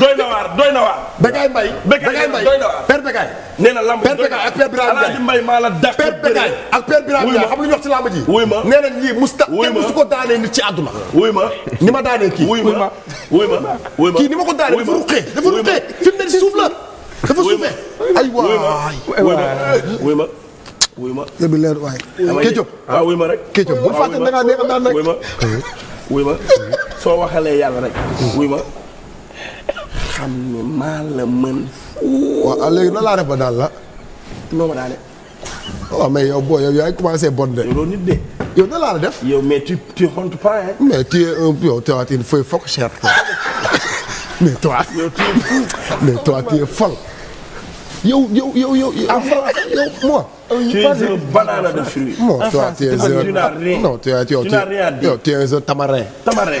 doy na waar doy na waar. Bécaye Mbaye. Bécaye Mbaye doy na waar Père Bécaye. nee na lamb Père Bécaye ak Père Birame Ndiaye Mbaye maa la dàq. Père Bécaye ak Père Birame Ndiaye xam nga ñu wax ci lamb ji. wuy ma nee na lii musta kenn musu ko daanee nit ci àdduna. wuy ma ni ma daanee kii. wuy ma wuy ma wuy ma kii ni ma ko daanee dafa ruqee dafa ruqee fi mu ne suuf la dafa suufee. ay waay ma wuy ma yóbbu leer waay. Kétiop ah wuy ma rek. Kétiop bu fàtte da ngaa neex daan rek. wuy ma wuy ma soo waxalee yàlla rek. wuy ma xam ne maa la mën. waaw ah, léegi nan laa def ba daal la. noo ma daale. waaw mais yow boo yow yaa ngi commencé bon de. loolu nit de. yow nan laa la def. yow mais tu tu honte pas hein. mais tu es un yow tu as une feuille fourchette. mais toi. yow tu es fou. mais toi tu es folle. yow yow yow yow en français yow moi. tu es un banana de fruits. non toi tu es un. non tu es tu es un tamarin. tamarin.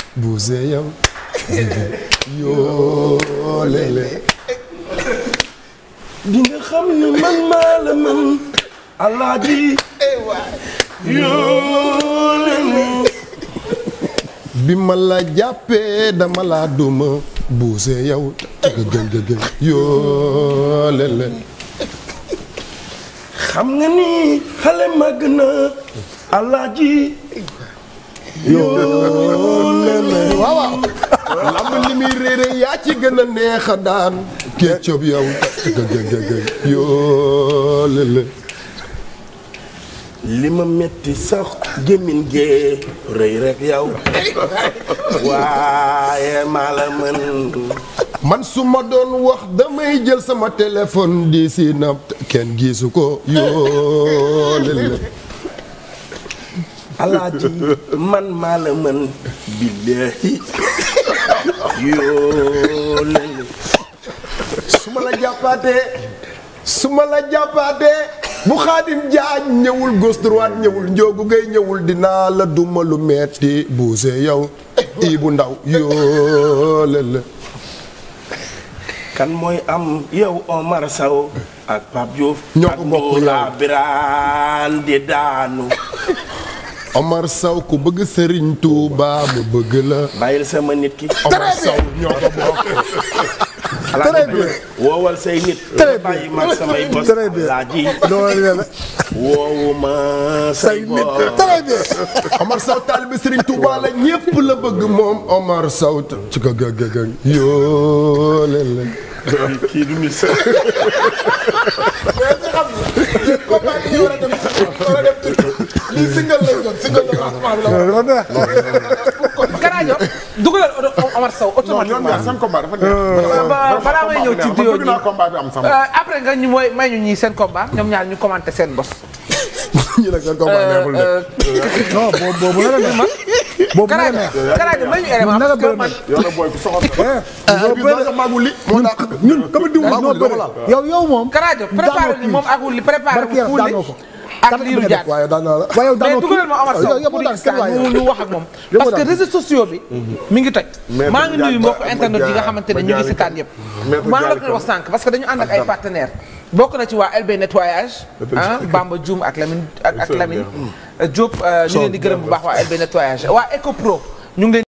bu seeyam yoo lele di nga xam ne man maa la man alaaji yoo lele bi ma la jàppee dama laa duma buuse yow gëgëgëgë yoo lele xam nga ni xale màgg na alaaji yoo lele waaw waaw. li muy réeré yaa ci gën a neex a daan. kéccob yow gëgëgëgë yoo lele. li ma metti sax gémmiñ gee rëy rek yow waaye maa la mën. man su ma doon wax damay jël sama téléphone di si na kenn gisu ko yoo lele. alaaji man maa la mën billaahi yoo lele su ma la jàppaatee bu xaadim jaaj ñëwul gauche droite ñëwul njoogu ngay ñëwul dinaa la duma lu metti buuse yow ii bu ndaw yoo lele kan mooy am yow Omar Sow ak Pape Diouf ñoo ko bokk di daanu Omar Sow ku bëgg Serigne Touba mu bëgg la. bàyyil sama nit ko say nit. très bien bàyyi ma samay bos. très bien say nit. très bien. Omar Sow taalibe Serigne Touba la ñëpp la bëgg moom Omar Sow. ci ko gë gë gë yoo leen kii du mis. mais xam nga. combat yi war a dem war a kii single lay doon single de lancement bi la war a. kon garaajo dugalal Omar Sow automatiquement. seen combat dafa neex. Euh, balaa may ñëw ci duo ji euh, après nga ñu mooy may ñu ñii seen combat ñoom ñaar ñu commenté seen bos. ñu ne seen combat euh, neexul de. non boobu boobu la la neex. boobu la neex garaajo may ñu élément parce que man. yow yow moom. garaajo préparé ni moom ak wulli préparé ko ak Lirou Diane waaye daanaka waaye daanaka mais ma Omar Sow pour ñu wax ak moom. parce que réseaux sociaux bi. Mm-hmm. mi ngi toj. maa ngi nuyu mbokk internet yi nga xamante ne ñu ngi seetaan yëpp. maa ngi la wax sànq parce que dañu ànd ak ay partenaires. bokk na ci waa LB nettoyage ah Bamba Dioum ak Lamine ak Lamine Diop euh, ñu leen di gërëm bu baax waa LB nettoyage waa Eco Pro ñu ngi